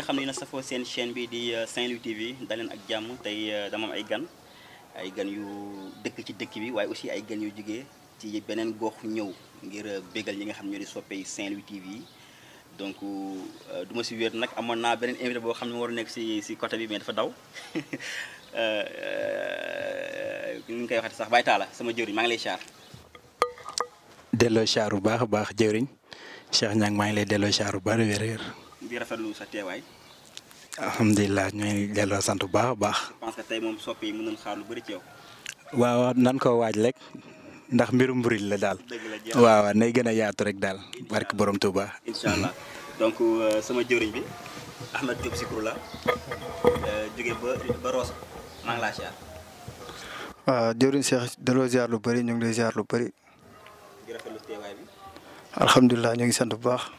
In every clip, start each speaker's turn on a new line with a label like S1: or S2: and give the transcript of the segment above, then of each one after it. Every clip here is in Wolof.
S1: nga xam ne na safoo seen chaîne bi di euh, Saint-Louis TV daleen ak jàmm tey euh, dama am ay gan ay gan yu dëkk ci dëkk bi waaye aussi ay gan yu jugee ci beneen gox ñëw ngir euh, bégal ñi nga xam ñoo di soppe Saint-Louis TV yi donc du si wéer nag amoon naa beneen invité boo xam ne war a nekk si si côté bi mais dafa daw ñu ngi koy waxati sax Baye Talla sama jëwriñ maa ngi lay char
S2: delloo char bu baax a baax jëwriñ Cheikh Niang maa ngi lay delloo char bu baax wér-wér
S1: di rafetlu sa teewaay
S2: alhamdulillah ñoy delo sant bu baax baax
S1: pense que tay mom soppi mu xaar xalu bari ci yow
S2: waaw nan ko waaj lek ndax mbirum buril la dal waaw nay gëna yaatu rek dal barke borom touba
S1: inshallah donc euh, sama jëriñ bi ahmed diop sikroula euh joggé ba ba ross ma ngi la ziar
S3: waaw jëriñ cheikh delo ziar lu bari ñu ngi lay ziar lu bari
S1: di rafetlu teeway bi
S3: alhamdulillah ñu ngi sant bu baax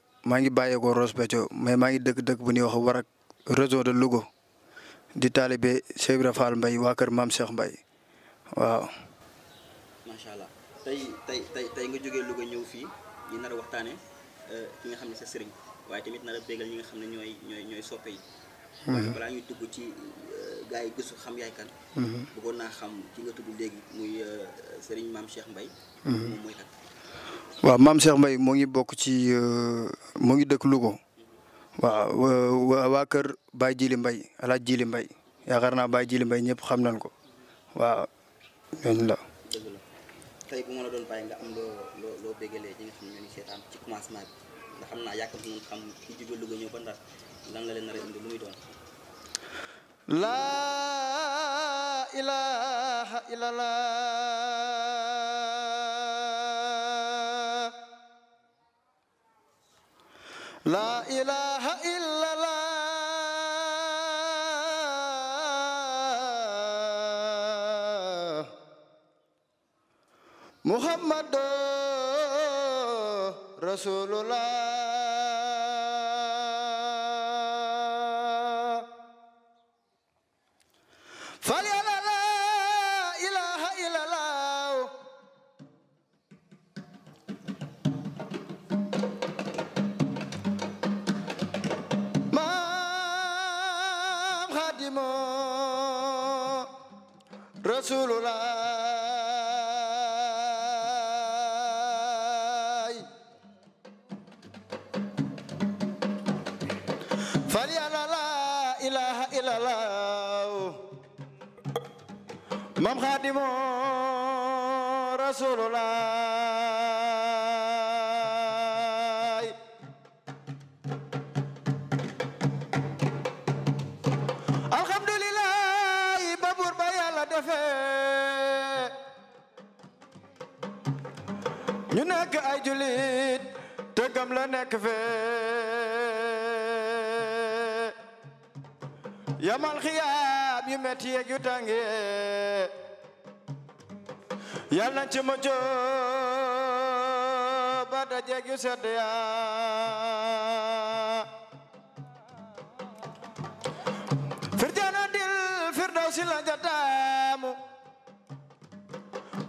S3: maa ngi bàyyeekoo Ross Béthio mais maa ngi dëkk-dëkk bu ñuy wax Warak réseau de Louga di taalibe Cheikh Ibra Fall waa kër Maam Cheikh mbay waaw.
S1: macha allah tey tey tey tey nga jógee Louga ñëw fii ñu nar a waxtaanee euh, ki nga xam ne sa sëriñ waaye tamit nar a bégal nga xam ne ñooy ñooy ñooy soppe yi. Mhm. balaa ñuy dugg ci euh, gars yi gëstu xam yaay kan. Mhm. bëggoon naa xam ki nga tudd léegi muy euh, sëriñ Maam Cheikh mbay
S3: mhm. waa maam Cheikh Mbaye moo ngi bokk ci euh, moo ngi dëkk Louga waaw waa kër Baye Jili Mbaye alaaj Jili mbay yaakaar naa Baye Jili mbay ñëpp xam nañ ko waaw ñooñu la.
S1: dëgg la tey bu ma la doon bàyyi nga am loo loo loo ñu bi nga xam naa yàkkamti nañ xam ci jóge Louga ñëw ba Ndar lan la leen nar a indi lu muy doon.
S4: laa ilaaha illallah. La ilaha illallah
S3: Muhammadur Rasulullah
S4: xaadimu rasuulullaay alxamdulillaay ba buur la nekk fee yamal xiyaam yu metti yeeg yu yal cuma ci pada ba dajeeg yu firjana dil firdausi la jataamu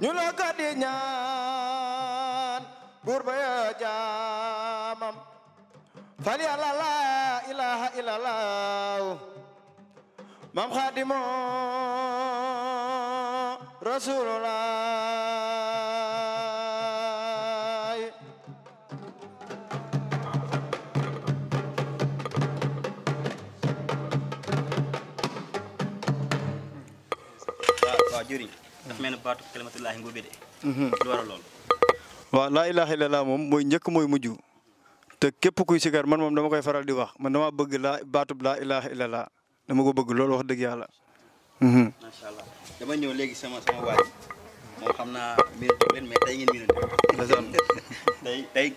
S4: ñu la ko di ñaan la ilaha ilalau mam xaadimoo Rasulullah waaw
S1: juri daf batu ne baatu kalimatullahi ngóobe de mhm. lu waral loolu
S3: waaw laa ilaha illallah moom mooy njëkk mooy mujj te képp kuy sikar man moom dama koy faral di wax man dama bëgg laa baatub laa ilaha illallah dama ko bëgg loolu wax dëgg yàlla macha mhm.
S1: allah dama ñëw
S3: léegi sama sama waaj
S1: moom xam naa miinatu leen mais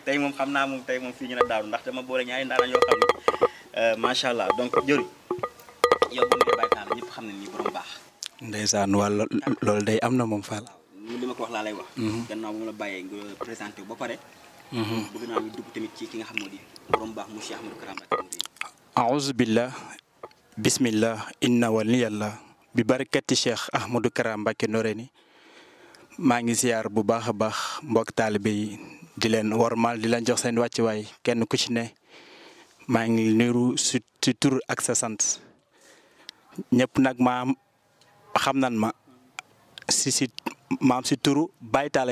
S1: tey moom xam naa moom tey moom fii ñu ne daanu ndax dama boole ñaari ndaanaan yoo xam ne euh, macha allah donc jëri yow bu xam ne nii borom baax.
S2: ndeysaan wàll loolu am na moom Fall.
S1: li ma ko wax laa lay wax. Mm-hmm. gannaaw bu ma la bàyyee nga présenté ba pare. Mm-hmm. bëgg naa ci ki nga xam ne di borom mu Cheikh Ahmadou Kara Mbacké.
S2: a'uzu billah bismillah inna waliyallah bi bari barakati Cheikh Ahmadou Kara Mbacké Noreyni maa ngi siyaar bu baax a baax mbokk taal yi di leen wormaal di leen jox seen wàccuwaay kenn ku ci ne maa ngi niru si si tur ak sa sant ñëpp nag maam xam nan ma si si maam si turu Baye Talla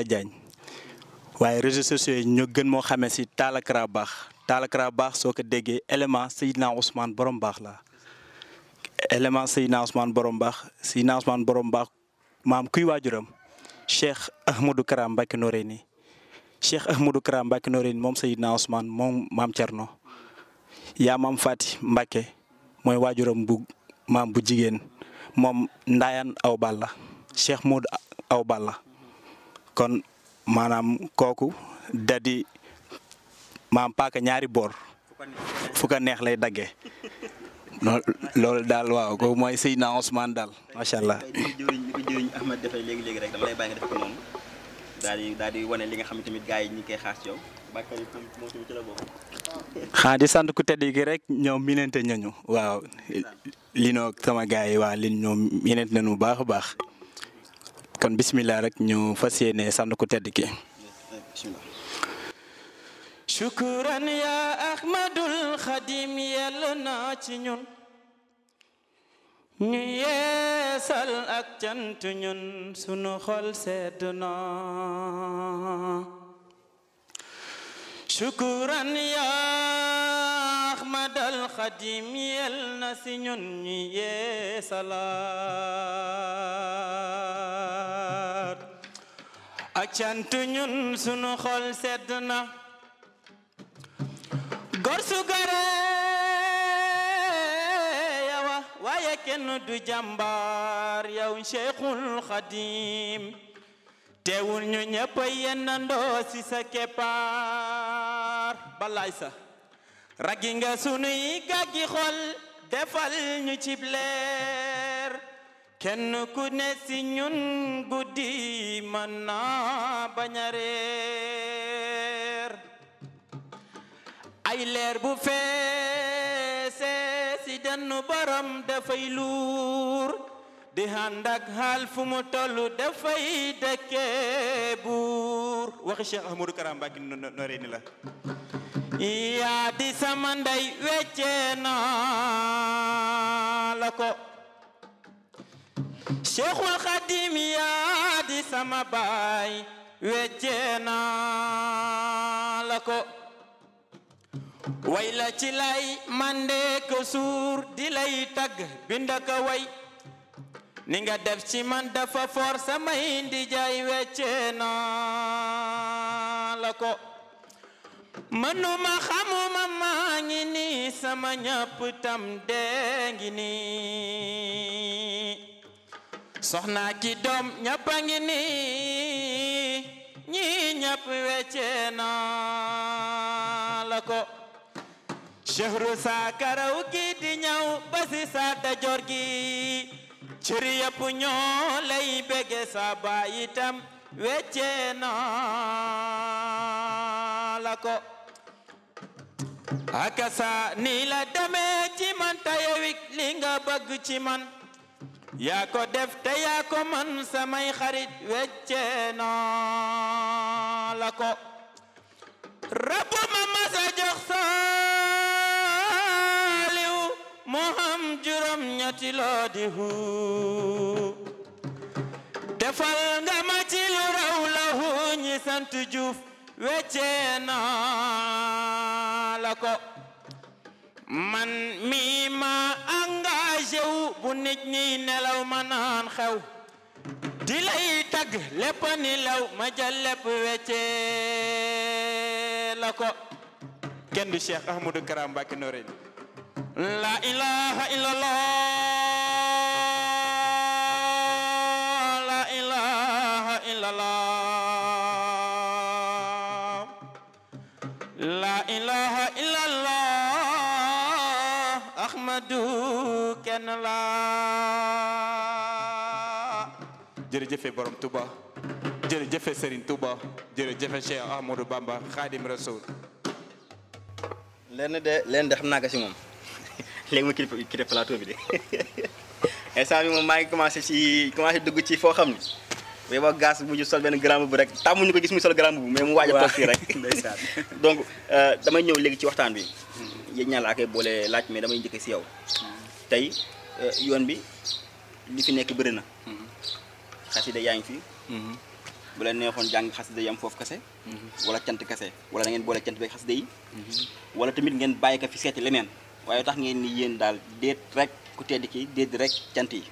S2: waaye réseaux sociaux yi ñoo gën moo xamee si Talla Kara baax Talla Kara baax soo ko déggee élément Seydina Ousmane borom baax la élément si Ousmane Borom Baax Seydina Ousmane Borom Baax mam kuy wajuram Cheikh Ahmadou Karam Mbacké Noreni Cheikh Ahmadou Kara Mbacké mom moom Seydina Ousmane mom mam Tierno ya mam Fati mba moy wajuram bu mam bu jigen mom Ndayan Awa Balla Cheikh Mod Awa Balla kon manam koku dadi mam maam paaka ñaari bor fuka dage. neex lay dagge non loolu daal waaw ko mooy Seydina Ousmane daal macha allah.
S1: jëriñ ko léegi léegi rek dama lay daal di daal li nga xam ne tamit gars yi ñu ngi koy xaar ci yow
S2: xanaa di sant ku tedd gi rek ñoom minante ñañu waaw li sama gars yi waa li ñoom yeneen nañu baax a baax kon bismillah rek ñu fas yéene sant ku tedd ki.
S4: shukran ya ahmadul xadim yàlla na ci ñun ñu yeesal ak cant ñun sunu xol sedd na shukran ya ahmadul xadim yàlla na ci ñun ñu yeesalaat ak cant ñun sunu xol sedd na gorsu waaye kenn du jàmbaar yow Cheikhul Xadim teewul ñu ñëpp yendandoo si sa keppaar balaay sa raggi nga sunuy gàggi xol defal ñu cib leer kenn ku ne si ñun guddi mën na bañ ay leer bu feesee si dannu
S2: dafay luur di ànd ak xaal dafay dëkke buur waxi Cheikh Ahmadou Kara Mbacké nooree ni la yaa sama ndey weccee
S4: la ko Cheikhul Xadim yaa sama baay weccee la ko way la ci lay mande ko suur di lay tag binda ko way ni nga def ci man dafa for sama indi jaay wecce naa la ko mënuma xamuma ma ngi ni sama ñap tam gini ngi ni soxna ki dom ñàpp loko ngi ni ñi ñap na lako chehru sa karaoke di ñaw basi si sa dajoor gi cër yëpp ñoo bege sa ba itam na lako akasa nila dame chiman ci man tayewik li nga ko def te ko man samay kharit wecce na lako rabu mama sa ñoti defal nga ma ci lu la hu ñi sant Juuf weccee la ko man mi ma engagé wu bu nit ñi nelaw ma naan xew di lay tagg lépp ni law ma jël lépp weccee la ko
S2: kenn du Cheikh Ahmadou Kara Mbacké Noreyni la ilaha
S4: illallah la ilaha illallah la ilaha illallah ahmadu kenn la
S2: jërëjëfe borom Touba jërëjëfe Serigne Touba Bamba Khadim Rasoul
S1: lenn de lenn de ci léegi ma kilifa kilifa plateau bi de instant bi moom maa ngi commencé ci commencé dugg ci foo xam ni mais boo gaas bu ñu sol benn grand bu rek tàmmuñu ko gis muy sol grand bu mais mu waaj a toog rek donc euh, damay ñëw léegi ci waxtaan bi yéen ñaar boole laaj mais damay njëkk si yow euh, yoon bi li fi nekk bëri na xasida yaa ngi fi bu leen neexoon jàng xasida yam foofu kase mhm. wala cant kase wala da ngeen boole cant beeg xasida mhm. wala tamit ngeen bàyyi ko fi seeti leneen waaye tax ngeen yéen daal déet rek ku tedd ki déet rek cant yi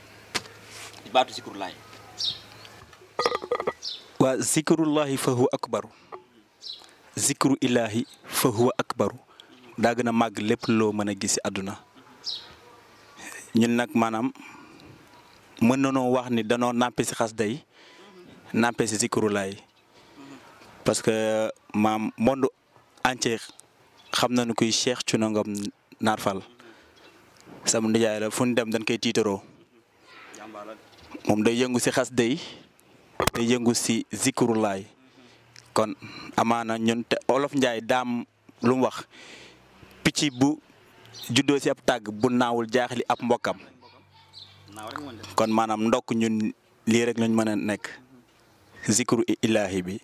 S1: di baatu sikrullahi
S2: waa zikrullahi fa akbaru zikru ilaahi fa daa gën a màgg lépp loo mën a gis ci àdduna ñun nag maanaam mën na noo wax ni danoo nàmpe ci xas day nàmpe ci zikrullahi parce que maam monde entier xam nañu kuy Cheikh ci Ngom naar fal sam nijaay la fu ñu dem dañ koy tiitaroo moom day yëngu si xas day day yëngu si zikurulaay kon amaana ñun te olof njaay daam lu wax picc bu juddoo si ab tàgg bu naawul jaaxli ab mbokkam kon maanaam ndokk ñun lii rek lañ mën a nekk zikru ilaahi bi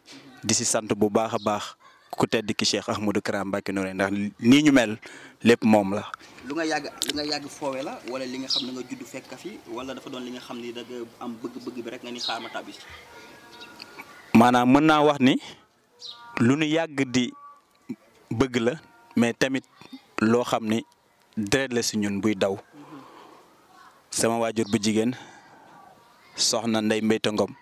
S2: di si sant bu baax baax ku tedd ki cheikh ahmadou karam mbacke noore ndax ni ñu mel lepp mom la
S1: lu nga yag lu nga yag fowé la wala li nga xamna nga judd fekk fi wala dafa doon li nga xamni da am bëgg-bëgg bi rek nga ni xama tabbi
S2: maanaam wax ni lu ñu yag di bëgg la mais tamit lo xamni dread la ci ñun buy daw sama wajur bu jigen soxna ndey mbéyta ngom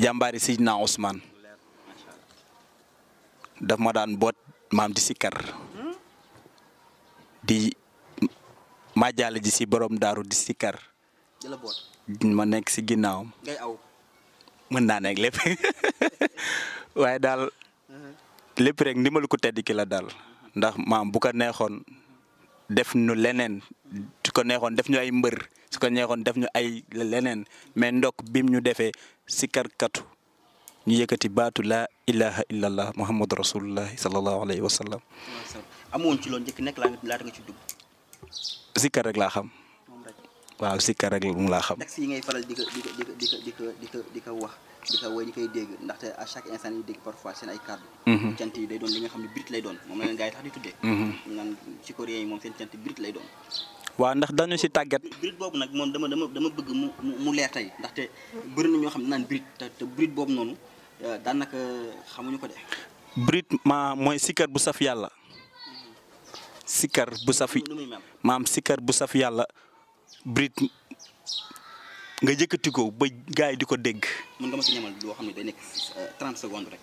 S2: jàmbaari ousmane daf ma daan mam maam di sikar di jall ji ci borom daru di bot ma nekk ngay aw mën na nek lepp waye dal lepp rek mal ko tedd ki la dal ndax maam bu ko neexon def nu lenen su ko neexon def ñu ay mbeur su ko neexon def ñu ay lenen mais ndok bim ñu sikar katu ñu yëkkati baatu laa ilaha illallah muhammadu rasulullahi sallallahu alayhi wa sallam.
S1: amoon ci loolu njëkk nekk laata nga ci dugg.
S2: sikkar rek laa xam. waaw sikkar rek moom laa xam. texte
S1: yi ngay faral di ko di ko di ko mhm. ne birit la leen gars yi tax di tuddee. Mhm. naan ci coréen yi moom seen cant birit lay doon.
S2: waaw ndax dañu si tàggat.
S1: birit boobu nag moom dama bëgg mu leer tey ndaxte bëri na ñoo xam ne naan birit te birit boobu noonu. Ya, danaka xamuñu ko de
S2: brit ma moy sikar bu saf yalla sikar bu saf maam sikar bu saf yalla brit nga yëkëti ko ba gaay diko dégg
S1: mën nga ma ci ñamal lo xamni day eh, nek 30 secondes rek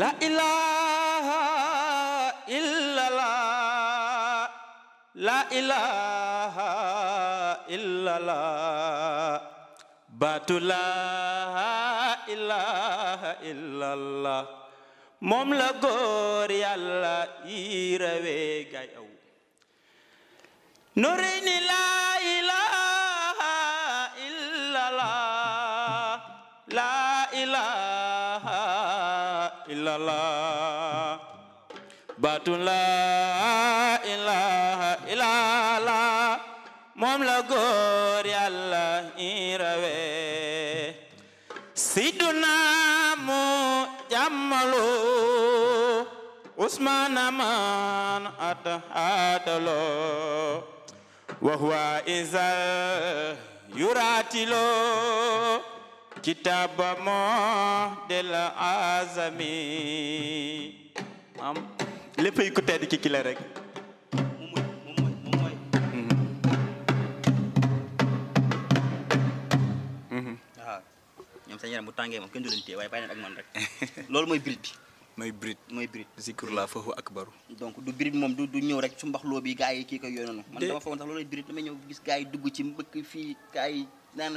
S1: la ilaha illa la la
S4: ilaha illa la batula ilaha illallah moom la góor yàlla yi rawee gay aw
S5: nuri ni la
S4: ilaha illallah la ilaha illallah batun la ilaha illallah moom la góor yàlla yi rawee lo Usman man athatalo wa huwa iza yuratilo
S2: kitaba mo del azami am léppay ku tedd rek
S1: sa mu tangé mom moom kenn du leen téye waaye bàyyi ak man rek loolu moy bi moy moy la fahu akbaru donc du birit mom du du ñew rek su mbax lo bi gaay yi kii koy man dama won sax loolu birit dama ñew gis gaay yi dugg ci mbëkk fi gaay yi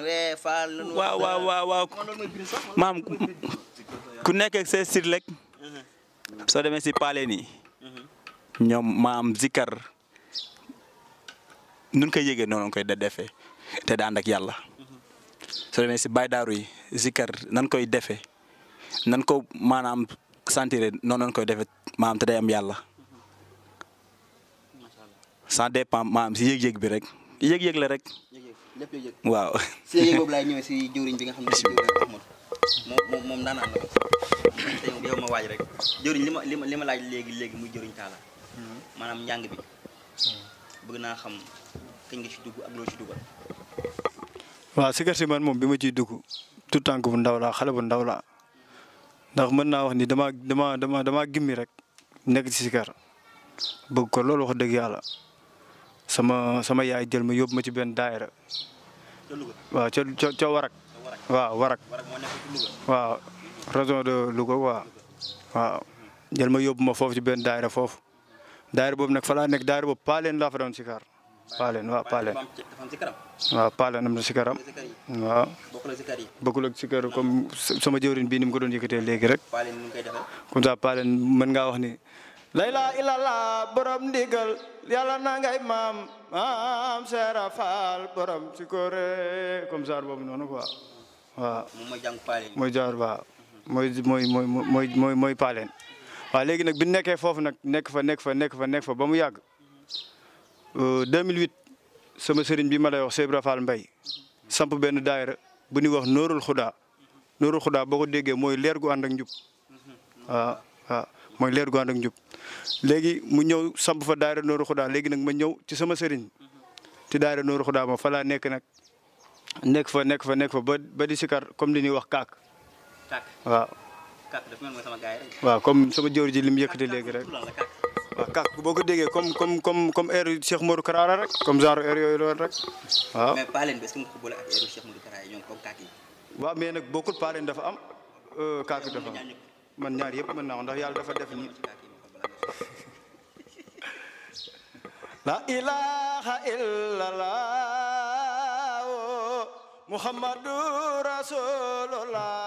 S1: wé faal waaw waaw waaw waaw
S2: mam ku nekk ak ses sir rek uh-huh. soo demee si paale uh-huh. zikar nun koy non non koy da défé té da ak soo demee si baydaaru yi zikkar nan koy defe nan ko maanaam sentir noonu nan koy defee maanaam te am yàlla ça dépend maanaam si yëg-yëg bi rek yëg-yëg la rek. lépp yëg-yëg waaw. si yëg-yëg boobu
S1: ñëwee si jëwriñ bi nga xam ne moom moom daan naan la yow ma waaj rek jëriñ li ma li ma li laaj léegi léegi muy jëriñ taala maanaam njàng bi hmm. bëgg naa xam kañ nga dugg ak loo ci dugal
S3: waaw sikar si man moom bi ma ciy dugg tout tànk bu ndaw laa xale bu ndaw laa ndax mën naa wax ni damaa dama dama damaa gimmi rek nekk ci sikar bëgg ko loolu wax dëgg yàlla sama sama yaay jël ma yóbbu ma ci benn daayira waaw ca ca ca warak waaw warak waaw région de Louga waaw waaw jël ma yóbbu ma foofu ci benn daayira foofu daayira boobu nag fa laa nekk daayira boobu paa leen laa fa doon sikar Paaleen waaw Paaleen. waaw Paaleen am na sikaram. waaw. bokkul si sikar comme sama jëwrin bii ni ko doon yëkkatee léegi rek. comme ça Paaleen mën ngaa wax ni. layla ilala borom ndigal yàlla na ngay maam maam seera faal borom si kore comme ça boobu noonu quoi waaw. mooy jàng Paaleen mooy jaar waaw. mooy mooy mooy mooy mooy Paaleen. waaw léegi nag bi nekkee foofu nag nekk fa nekk fa nekk fa nekk fa ba mu yàgg. 2008 sama sëriñ bi ma lay wax Cheikh Ibra Fall Mbaye samp benn daayira bu ñuy wax Noorul Xudaa Noorul Xudaa boo ko déggee mooy leer gu ànd ak njub waaw waaw ak njub léegi mu ñëw samp fa daayira Noorul Xudaa léegi nag ma ñëw ci sama sëriñ ci daayira Noorul Xudaa ma falaa nekk nag nekk fa nekk fa nekk fa ba ba di sikar comme li ñuy wax kaak waaw waaw comme sama jëwri ji li mu yëkkati léegi rek waaw kàq boo ko déggee comme comme comme comme heure Cheikh Modou Kara rek comme genre heure yooyu loolu rek waaw. mais Paa Leen dafa am euh, kàq dafa man ñaar yëpp mën naa ndax yàlla dafa def la ilaha
S4: illallah muhammadu rasulullah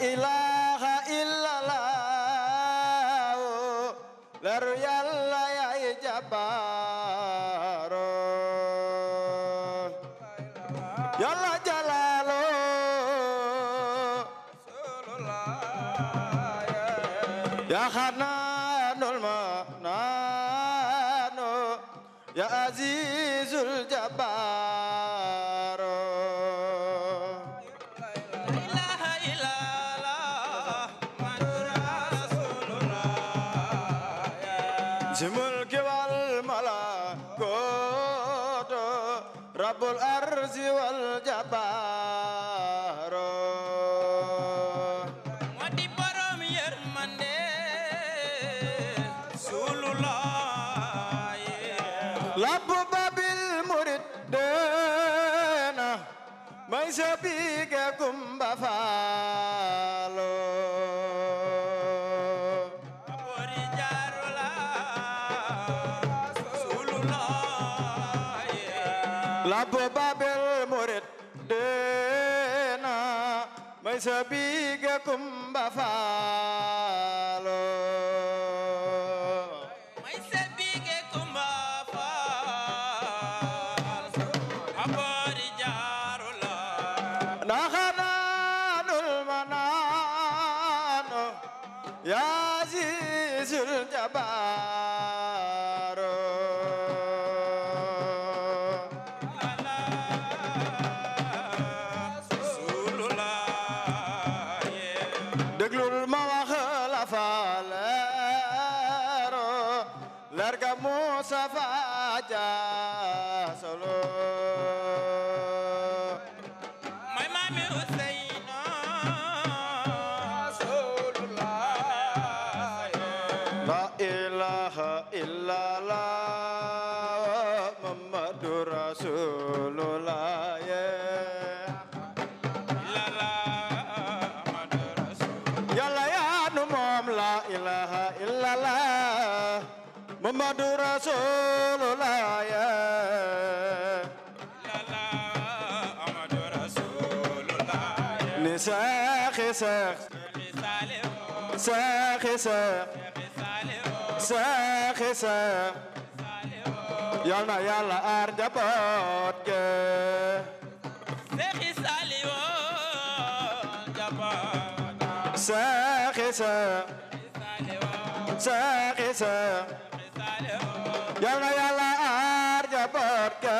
S4: ilaha ذو الأرز والجبار لبب بالمرد ما يسبيككم sabiga kumbafalo. saaxi saax saaxi saax yal na Yàlla aar njaboot ge saaxi Saliwu njaboot saaxi saax saaxi saax yal na Yàlla aar njaboot ge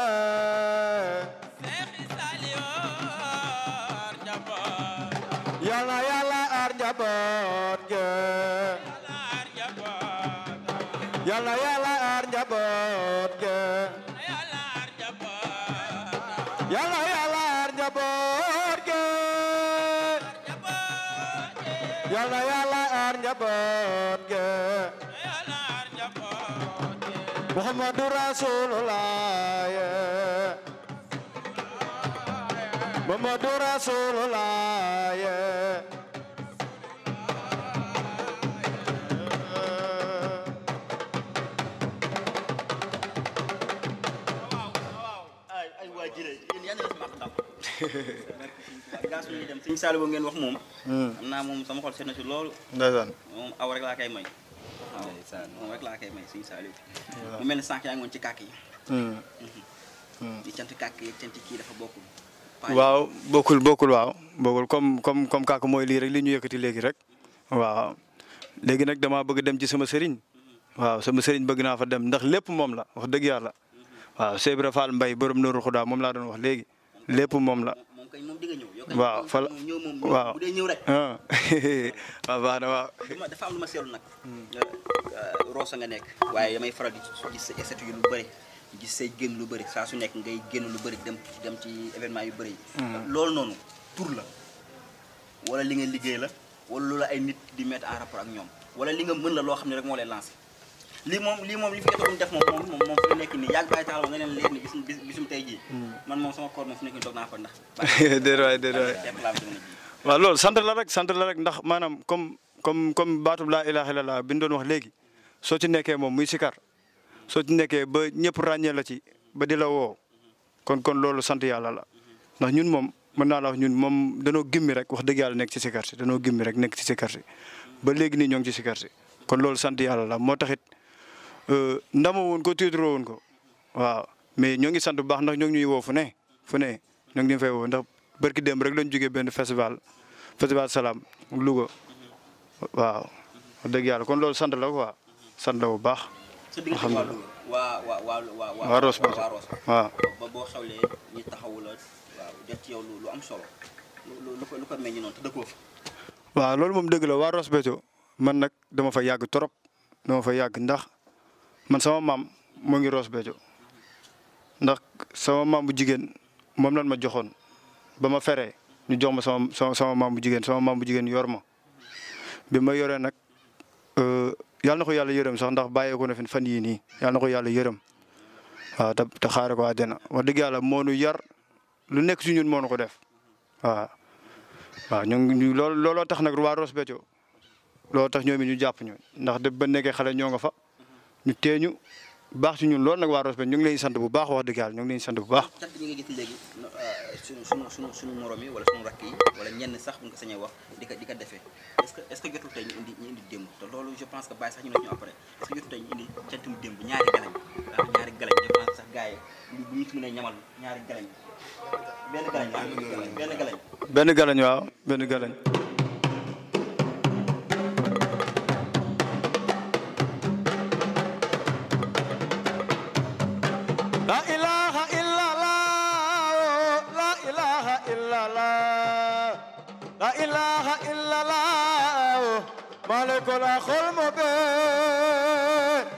S4: njaboot ge Muhammadu Rasulullah Muhammadu Rasulullah
S1: ay ay waajire yéen yàlla na ma ko classe ñuy ngeen wax moom. Hmm. naa moom sama lool. ndeysaan moom aw rek laa koy may. ci kàkk yi. Hmm. Hmm. di cant bokkul.
S3: waaw bokkul bokkul waaw bokkul comme comme comme kàkk mooy lii rek li ñu yëkkati léegi rek waaw léegi nag damaa bëgg dem ci sama sëriñ waaw sama sëriñ bëgg naa fa dem ndax lépp moom la wax dëgg yàlla waaw Cheikh Ibra Fall Mbaye borom Nourou moom laa doon wax léegi lépp moom la
S1: waaw
S3: fa la waaw ah, waaw baax na waaw.
S1: dafa am lu ma seetlu nag. Hmm. Euh, euh, Rosso nga nekk. waaye damay faral di gis sa statut yu lu bëri lu bëri saa su nekk ngay génn lu bëri dem dem ci événement yu bëri yi. Hmm. loolu noonu tur la wala li nga liggéey la wala loola ay nit di mettre en rapport ak ñoom wala li nga mën la loo xam ne rek moo lay lancé. lii moom lii moom li fi moom moom moom fi nekk nii yàgg bàyyi taxaw nga leen leer hmm. man moom sama koor moom fi nekk nii toog naa fa ndax
S3: déet waay déet waay waaw loolu sant la rek sant la rek ndax maanaam comme comme comme baatub laa ilaaha illallah doon wax léegi soo ci nekkee moom muy sikar soo ci nekkee ba ñëpp ràññee la ci ba di la woo kon kon loolu sant yàlla la ndax ñun moom mën naa la ñun moom danoo gimmi rek wax dëgg yàlla nekk ci sikar si danoo gimmi rek nekk ci sikar si ba léegi ni ñoo ngi ci sikar si kon loolu sant yàlla moo taxit Euh, ndama woon ko tiitaroo woon ko waaw mais ñoo ngi sant bu baax ndax ñoo ngi ñuy woo fu ne fu ne ñoo ngi ñu fay woo ndax barki rek lañ jógee benn festival festival salaam Louga waaw dëgg yàlla kon lool sant la ko sant la bu baax. alhamdulilah
S1: waa waa waa waa waaw ba waaw def lu am solo
S3: loolu moom dëgg la waa Ross man nag dama fa yàgg trop dama fa yàgg ndax. man sama mam mo ngi ros bejo ndax sama mam bu jigen mom lan ma joxone bama féré ñu jox ma sama sama mam bu jigen sama mam bu jigen yor ma bima yoré nak euh yalla nako yalla yeureum sax ndax ko na fi fan yi ni yalla nako yalla yeureum wa ta te te ko adena wa deug yalla mo nu yar lu nek ci ñun mo nu ko def wa wa ñu lolo tax nag wa ros bejo looloo tax ñoomi ñu japp ñu ndax de ba nekké xalé ñoo nga fa. ñu teeñu baax ci ñun loolu nag waa Ross Béthio ñu ngi leen sant bu baax wax dëgg yàlla ñu ngi leen sant bu baax.
S1: cant ñi euh, yi wala suñu rakk yi wala ñenn sax buñ ko sañee wax di ko di ko defee est-ce que est-ce que jotul tey ñu indi ñu indi démb te loolu je pense que bàyyi sax ñu ne ñu après est-ce que jotul ñu indi cantum démb ñaari galañ ah, ñaari ñaari galañ
S3: benn galañ benn galañ waaw
S4: إلا الله لا إله إلا الله مالك الأخ المبين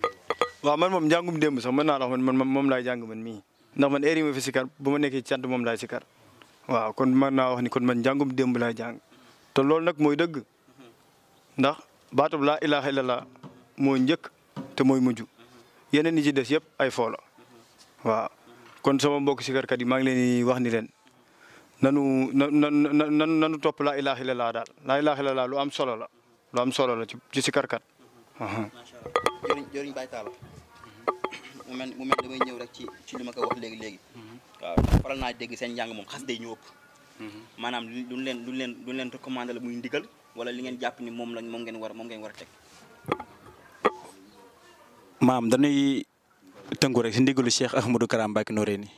S3: wa man mom jangum démb sax man na la man mom lay jang man mi ndax man eri mo fi sikar buma nekk ci cant mom lay sikar wa kon man na wax ni kon man jangum démb laay jang te lol nak moy deug ndax baatub la ilaha illallah moy ñeuk te moy muju yeneen ni ci dess yep ay foola wa kon sama mbok sikar kat yi ma ngi leen wax ni leen nanu nanu nanu top la ilaha illallah dal la ilaha illallah lu am solo la lu am solo la ci sikar kat macha
S1: allah jëriñ jëriñ baytaal mu mel mu mel damay ñëw rek ci ci li ma ko wax léegi léegi mhm. waaw faral naa dégg seen njàng moom xas day mhm. ñu ëpp maanaam duñ leen duñ leen duñ leen recommandé la muy ndigal wala li ngeen jàpp ni moom lañ moom ngeen war moom ngeen war a teg
S2: dañuy tënku rek si ndigalu Cheikh Ahmadou Karam Mbacke Noreyni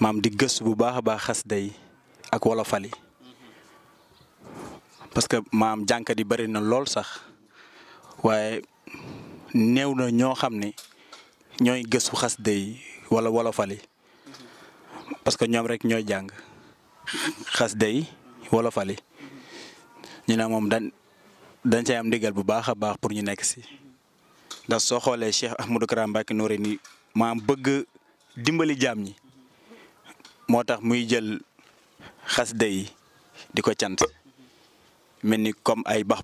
S2: Mam di gëstu bu baax a baax day ak wolofali mhm. parce que mam jànkat yi bari na lool sax waaye néew na ñoo ñoy gëssu xass de wala wala fali parce que ñom rek ñoy jang xass de wala yi ñu na mom dañ dañ ci am digal bu baaxa baax pour ñu nekk ci da so xolé Cheikh Ahmadou karam Mbacké ni maam bëgg dimbali jam ñi motax muy jël xass de diko tiant melni comme ay bax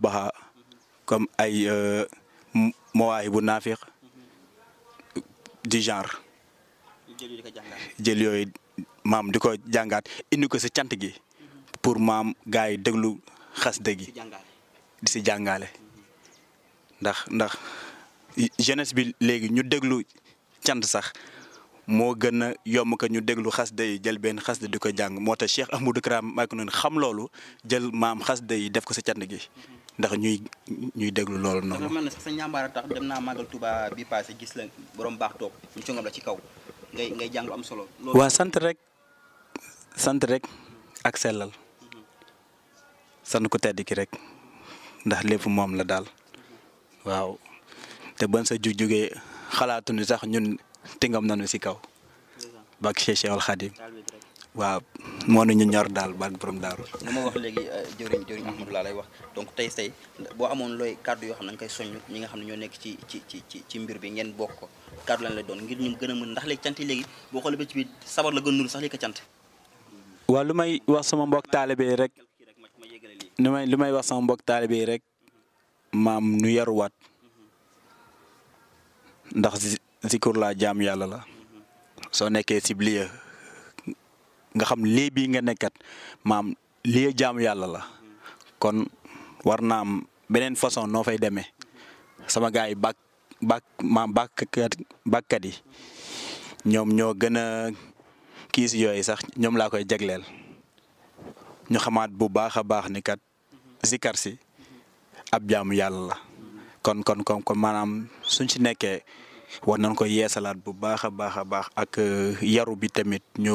S2: comme ay euh bu naafiq du genre. jël yooyu maam di ko jàngaat indi ko si cant gi pour maam gars yi déglu xasida gi di si jàngaale ndax ndax jeunesse bi léegi ñu déglu cant sax moo gën a yomb ko ñu déglu xasida yi jël benn xasde di ko jàng moo tax Cheikh Ahmadou Kara Mbacké noonu xam loolu jël maam xasida yi def ko si cant gi ndax ñuy ñuy déglu loolu noonu. dama
S1: mel ne sax sa ñambaara tax dem naa màggal Touba bi passé gis la borom baax toog ñu congam la ci kaw ngay ngay jàng am solo. waa
S2: sant rek sant rek ak sellal sant ko tedd ki rek ndax lépp moom la daal waaw te ban sa jug jugee xalaatu ni sax ñun tingam nañu si kaw. bak Cheikh cheikh al Khadim. waaw moo ñu ñor daal barke borom daal nga ma wax léegi euh, jëriñ
S1: jëriñ Ahmadou laa lay wax donc tey tey boo amoon looy kàddu yoo xam ne nga koy soññ ñi nga xam ne ñoo nekk ci ci ci ci mbir bi ngeen bokk ko kàddu lañ lay doon ngir ñu gën a mën ndax léegi cant yi léegi boo xoolee ba ci biir sabar la gën nuru sax li ko
S2: cant waaw lu may wax sama mbokk taale yi rek lu may lu may wax sama mbokk taalibe yi rek maam nu yaruwaat ndax zikur laa jaam yàlla la soo nekkee ciblier nga xam lii bii nga nekkat maam lii jaamu yàlla la kon war naa am beneen façon noo fay demee sama gars yi bàkk bàkk maam bàkkat bàkkat yi ñoom ñoo gën a kiis yooyu sax ñoom laa koy jegleel ñu xamaat bu baax a baax ni si zikar ab jaamu yàlla la kon kon kon kon maanaam suñ si nekkee war nañ ko yeesalaat bu baax a baax a baax ak euh, yaru bi tamit ñu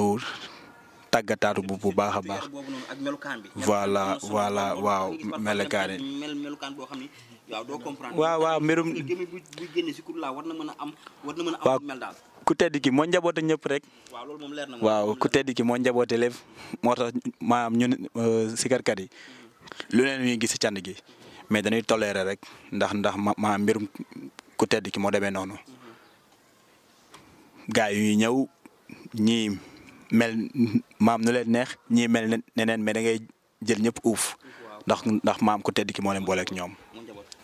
S2: tàggataatu bu bu baax a baax.
S1: voilà voilà waaw melokaan yi. waaw waaw mbirum. waaw
S2: ku tedd ki moo njaboote ñëpp rek. waaw ku tedd moo njaboote lépp moo ta maanaam ñun euh, sikarkat yi lu leen ñuy gis si gi mais dañuy toléré rek ndax ndax ma mbirum ku tedd moo demee noonu. Mhm. gaa yi ñuy mel maam nu leen neex ñii mel ne neneen mais da ngay jël ñëpp uuf ndax ndax maam ku tedd ki moo leen booleek ñoom.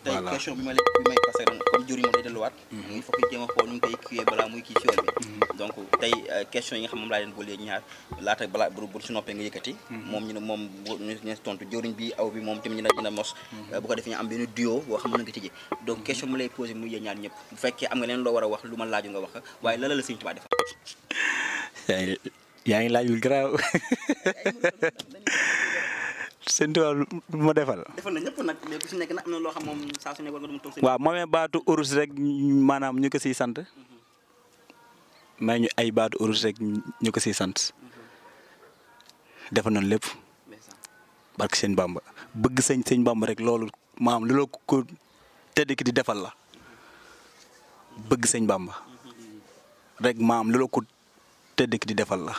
S1: voilà tey question bi ma leen bi may passé comme jur yi moom day hmm. a xool hmm. euh, laa leen boolee ñaar laata balaa bu bu noppee hmm. moom ñu ne moom bu bi aw bi moom tamit ñu ne dina mos. Euh, ko defee ñu am benn duo wax xam ne mën nga tijji donc question bi lay posé muy yéen ñaar ñëpp bu fekkee am nga leen loo war a wax lu ma laaju nga wax waaye lan la la Sëñ Tuubaa
S2: yaa ngi laajul garaaw sëñ Tuubaa lu ma defal.
S1: defal ñëpp nag mais ku si loo xam moom saa su nekk war nga doon waaw
S2: moomee baatu urus rek maanaam ñu ko siy sant. Mhm. may ñu ay baatu urus rek ñu ko siy sant. Mhm. defal nañ lépp. barke seen Bamba bëgg sëñ sëñ Bamba rek loolu maam lu la ko tedd ki di defal la. Mhm. bëgg sëñ Bamba. rek maam lu la tedd ki di defal la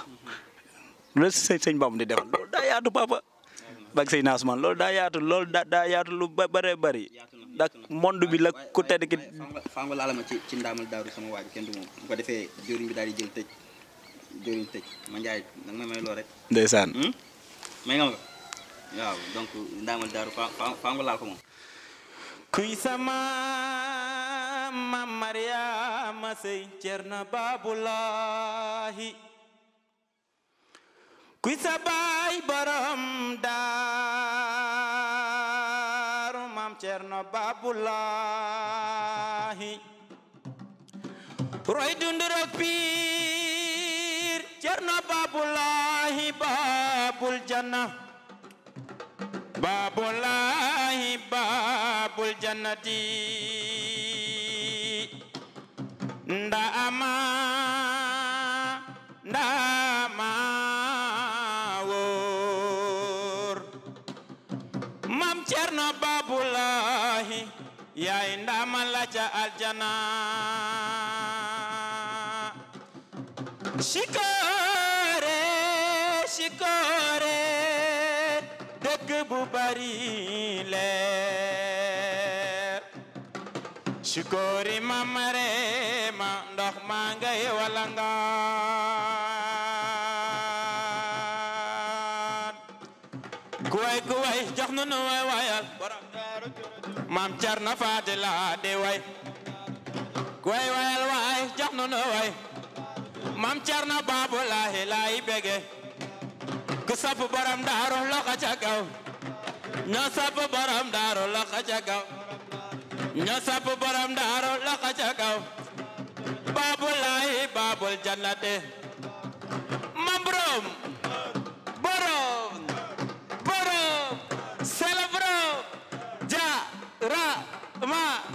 S2: loolu sëñ sëñ Bamba di defal loolu daa yaatu papa bak sëñ Naasmaan loolu daa yaatu loolu daa daa yaatu lu bëree bëri ndax monde bi la ku tedd ki. faa nga laal ma ci ci
S1: ndaamal daaru sama waaj kenn du moom bu ko defee jëriñ bi daal di jël tëj jëriñ tëj ma njaay nag ma may loo rek. ndeysaan. may nga ma ko waaw donc ndaamal daaru faa faa nga laal ko moom. kuy sama. na mam
S4: maryaama sey cerna baabulaahi kuy sa baay borom daaru mam cerna baabulaahi roy dundurok piir cerna baabulaahi baabul janna baabulaahi baabul jannati ndama ndama wóor mam cerno babulahi yaay ndama la ca aljana sikore sikore dëgg bu bari leer sikori mamare ngay walangaan guway guway nu nu way wayal maam Cerno Faatila di way guway wayal way jox nu nu way maam Cerno Baabu Laahi laay bege ku sopp borom daaru loxo ca kaw ñoo sopp borom daaru loxo ca kaw ñoo sopp borom daaru loxo ca kaw ashabul jannati mabrum Borong, Borong, selebrum ja ra ma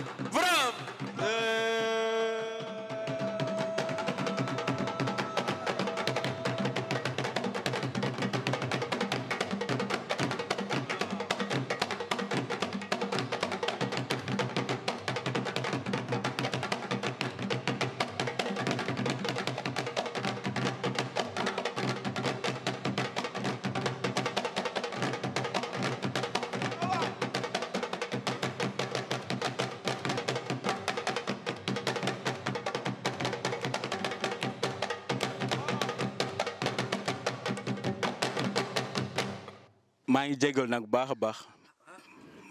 S2: maa ngi jégal nag pas a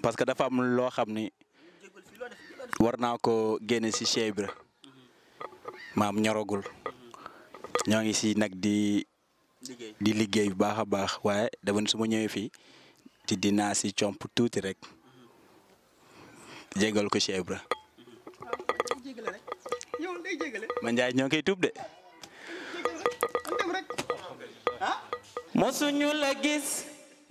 S2: parce que dafa am lo xamni ni ko guéné si chèvre maam ñorogul ñoo ngi si di di liggéey bu baaxa baax waye dama ne suma ñëwé fi ci dina ci chomp tuuti rek djegal ko chèvre man jaay ñoo tuub de.
S4: la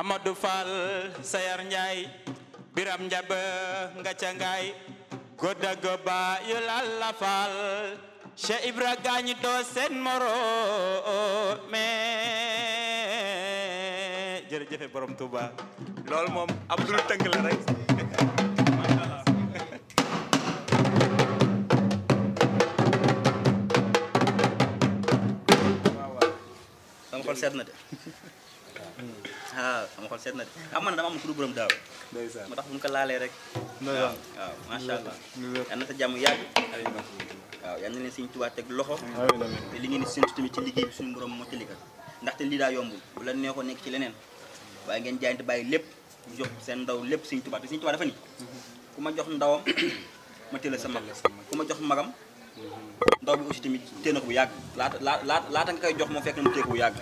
S4: Amadou Fall Sayar Ndiaye Biram Njabe Ngaca Ngaay Goda Goba Yulala ya Fall Cheikh Ibra Gagne moro
S2: me jere jërëjëf borom Touba lol mom Abdoul tënk la rek
S1: kon ah sama xol seet na hmm. man dama am ku du borom daaw. moo tax bu ñu ko laalee rek. ndeysaan waaw macha allah. yal na sa jàmm yàgg. waaw yal na teg loxo. li ngeen di séntu tamit ci liggéey bi moo ci liggéey ndaxte daa yombul bu la neexoo nekk ci leneen waaye ngeen jaayante bàyyi lépp jox seen ndaw lépp suñu tubaab si suñu tubaab dafa ni mm-hmm. mm-hmm. ku ma jox ndawam ma teel a sa mag ku ma jox magam. ndaw bi aussi tamit téye na bu yàgg laata laata laata nga koy jox moo fekk na mu téye bu yàgg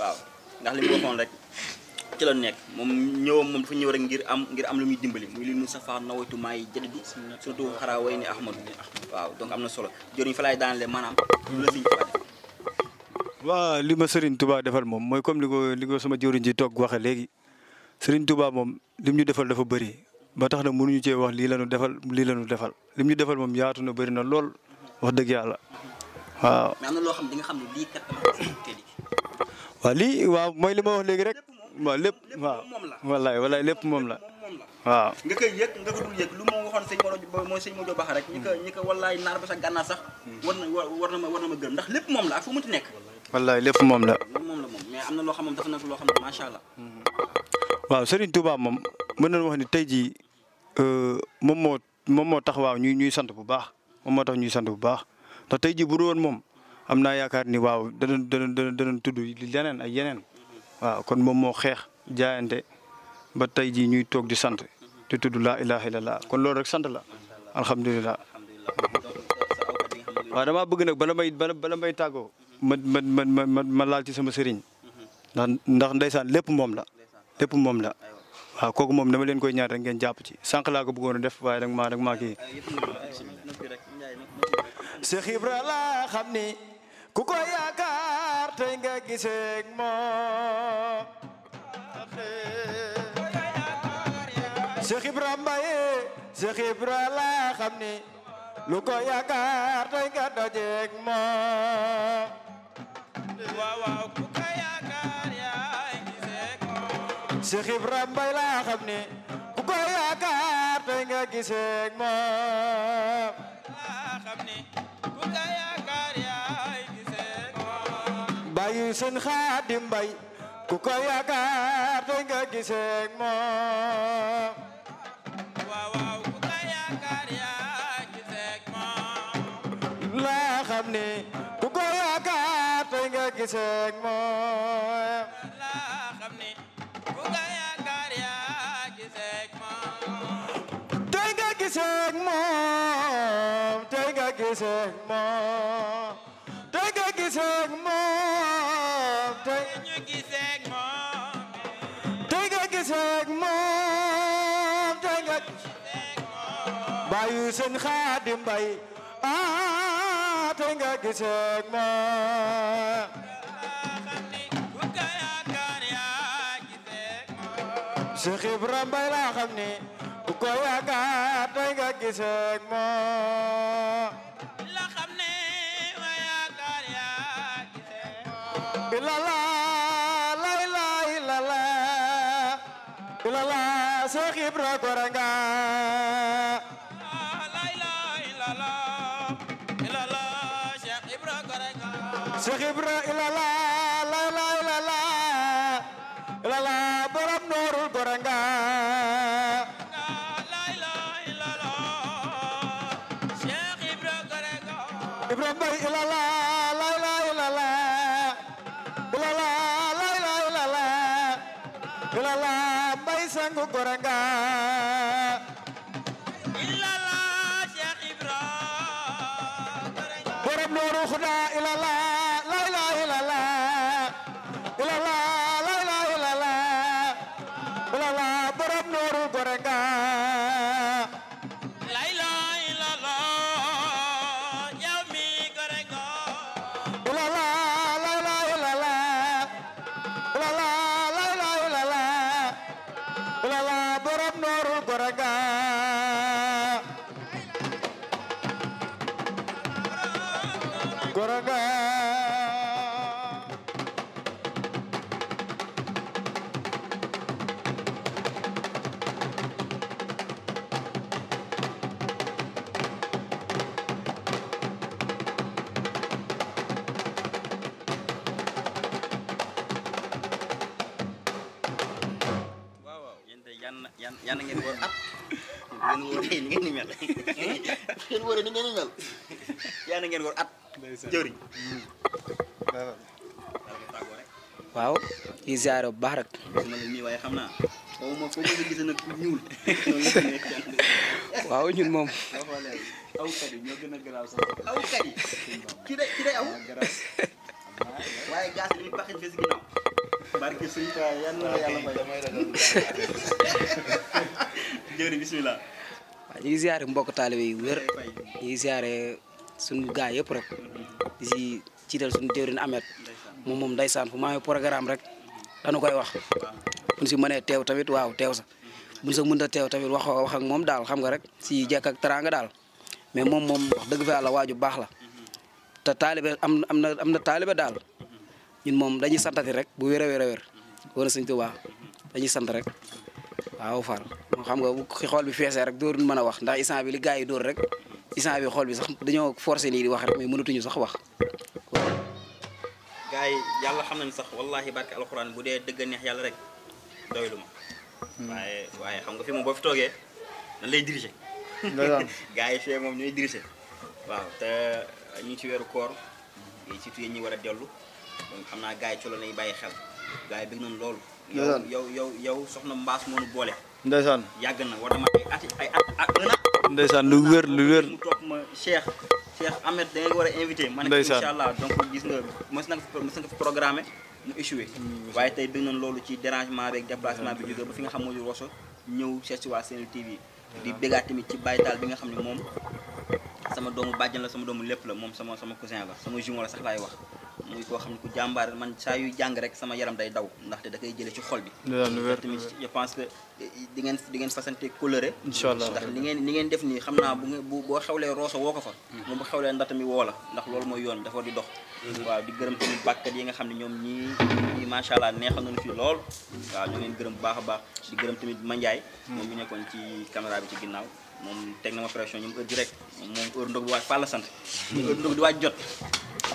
S1: waaw ndax li mu waxoon rek ci la nekk moom ñëwam moom dafa ñëw rek ngir am ngir am lu muy dimbali muy li mu safa nawaytu maay jaddu surtout xaraa way ni ahmadu waaw donc am na solo joriñ fa laay daanale maanaam lu
S3: waaw li ma Sëriñ Tuubaa defal moom mooy comme li ko li sama joriñ ji toog waxe léegi Sëriñ Tuubaa moom lim ñu defal dafa bëri ba tax na mënuñu cee wax lii la ñu defal lii la ñu defal lim ñu defal moom yaatu na bëri na lool wax dëgg yàlla waaw.
S1: mais am xam ne di
S3: lii ma wax léegi rek. waaw lépp waaw wallaay wallaay lépp moom la waaw nga
S1: koy yëg lu ma waxoon sëñ Mor mooy rek ñi ko ñi naar ba sa gànnaar sax hmm. war na war na ma gërëm ndax lépp moom la ak fu mu nekk
S3: wallaay lépp moom la
S1: moom la mais am na loo xam moom loo ne macha hmm.
S3: waaw Serigne Touba moom mën nañu wax ni tey jii euh, moom moo moom moo tax waaw ñuy ñuy sant bu baax moom moo tax ñuy sant bu baax ndax tey jii bu moom am naa yaakaar ni waaw danañ danañ danañ tudd leneen ay yeneen waaw kon moom moo xeex jaayante ba tey jii ñuy toog di sant di tudd laa ilaha illallah kon loolu rek sant la alhamdulilah. waaw dama bëgg nag bala may bala may tàggoo ma ma ma ma ma laal ci sama sëriñ ndax ndax ndeysaan lépp moom la lépp moom la waaw kooku moom dama leen koy ñaar rek ngeen jàpp ci sànq laa ko bëggoon a def waaye nag maa nag maa kii. Cheikh Ibra
S4: laa xam ni ku ko yaakaar tey nga giseek moom Cheikh la xam ni lu ko yaakaar tey nga dajeek moom sëñ Xaadim Mbay ku ko yaakaar tey nga gisee moom waaw waaw ku ko yaakaar yaa gisee moom laa xam ne ku ko yaakaar tey nga gisee moom laa xam ne ku ko yaakaar yaa gisee moom tey nga gisee moom tey nga gisee moom giseeg moom tey ñu giseeg moom tey nga giseeg moom tey nga giseeg moom bàyyi seen Xaadim Mbay ah tey nga giseeg moom Cheikh Ibrahima Mbaye laa xam ne ko yaakaar tey nga giseeg moom ibra goranga Cheikh Ibra ilala layla ilala ilala borom noorul goranga ಕೊರಗಾ ಕೊರಗಾ
S1: góor ni ngeen
S5: waaw kii ziare bu baax waaye xam naa
S1: waaw ñun moom aw ñoo gën a garaaw sax aw na yàlla may damay ragal
S5: jëwriñ ñu ngi ziare mbokk taalibe yi wér ñu ngi ziare suñu gaay yëpp rek di si ciital suñu déwrin amet moom moom ndeysaan fu maamee programme rek dañu koy wax buñ si mënee teew tamit waaw teew sa buñ sa mënta teew tamit wax moom daal xam nga rek si jekk ak daal mais moom moom wax dëgg fa yàlla baax la te taalibe am am am na taalibe daal ñun moom dañuy santati rek bu wér a wér a wér war dañuy sant rek waaw far moo xam nga bu xool bi feesee rek dóorul mën a wax ndax instant bi li gars yi dóor rek instant bi xool bi sax dañoo forcé nii di wax rek mais mënatuñu sax wax
S1: gars yi yàlla xam nañ sax wallahi barke alxuraan bu dee dëgg neex yàlla rek doylu ma hmm. waaye waaye xam nga fi moom boo fi toogee dañ lay diriger gars yi fee moom ñooy diriger waaw te ñu ci weeru koor surtout yéen ñi war a dellu donc xam naa gaa yi ci loolu bàyyi xel gars yi bëgg nañ loolu yow yow yow yow soxna Mbaas moo nu boole. ndeysaan yàgg na war na ma ay at ay at ak
S3: un an. lu wér lu wér mu
S1: toog ma Cheikh. Cheikh Ahmed da nga war a invité. ma ne incha donc gis nga mos na ko mos na ko fi programmé mu échoué. Mm, waaye tey dégg na loolu ci dérangement beeg déplacement bi jógee ba fi nga xam moo di Rosso ñëw seet waa Sen TV. di bégaat tamit ci baytaal bi nga xam ne moom sama doomu bàjjan la sama doomu lépp la moom sama sama cousin la sama jumeau la sax laay wax. muy koo xam ne ku jàmbaar man saa yu jàng rek sama yaram day daw ndaxte da koy jële ci xol bi tamit je pense que eh, di ngeen di ngeen fasante coloré incha allah ndax ni ngeen li ngeen def nii xam naa bu ngeen bu boo xewlee rooso woo ko fa hmm. moom bu xewlee ndata mi woo la ndax loolu mooy yoon dafa di dox hmm. waaw di gërëm tamit bàkkat yi nga xam ne ñoom ñii ñii macha allah neexal nañu fi lool waaw ñoo ngeen gërëm bu baax a baax di gërëm tamit Mandiaye hmm. moom ñu nekkoon ci caméra bi ci ginnaaw mom teg na ma pression ñu mu ëpp rek moom heure ndog bu waaj pala sant. ñu heure ndog di waaj jot.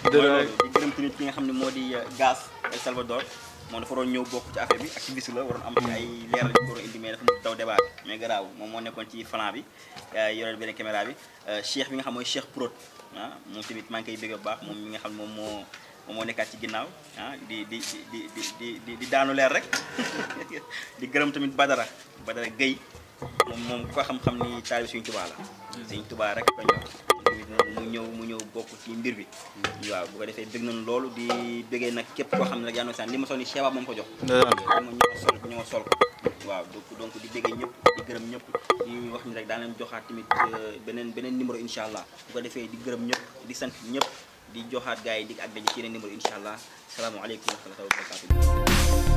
S1: di gërëm tamit ki nga xamni modi gas El Salvador. mo dafa waroon ñëw bokk ci affaire bi ak ci bisu la waron am ci ay ci ko indi mais dafa mu taw débat mais graw mom mo nekkon ci flan bi yoreel beneen caméra bi cheikh bi nga xam moy cheikh prot mo moom ma maa ngi bëgg baax mom mi nga xam mom mo mo moo nekkaat ci ginnaw di di di di di di daanu leer rek di gërëm tamit Badara Badara geey moom moom ku ko xam-xam ni taalibe Sëriñ Tuubaa la Sëriñ Tuubaa rek ko ñor mu ñëw mu ñëw bokk ci mbir bi waaw bu ko defee bëgg nañ loolu di bëggee nag képp koo xam ne rek yaa ngi saan li ma sol ni Cheikh moom ko jox moom ñoo sol ñoo sol waaw donc donc di bëggee ñëpp di gërëm ñëpp di wax ni rek daan joxaat tamit euh, beneen beneen numéro incha allah bu defee di gërëm ñëpp di sant ñëpp di joxaat gars yi dig ak daje ci yeneen numéro incha allah salaamaaleykum wa rahmatulah wa barakatuh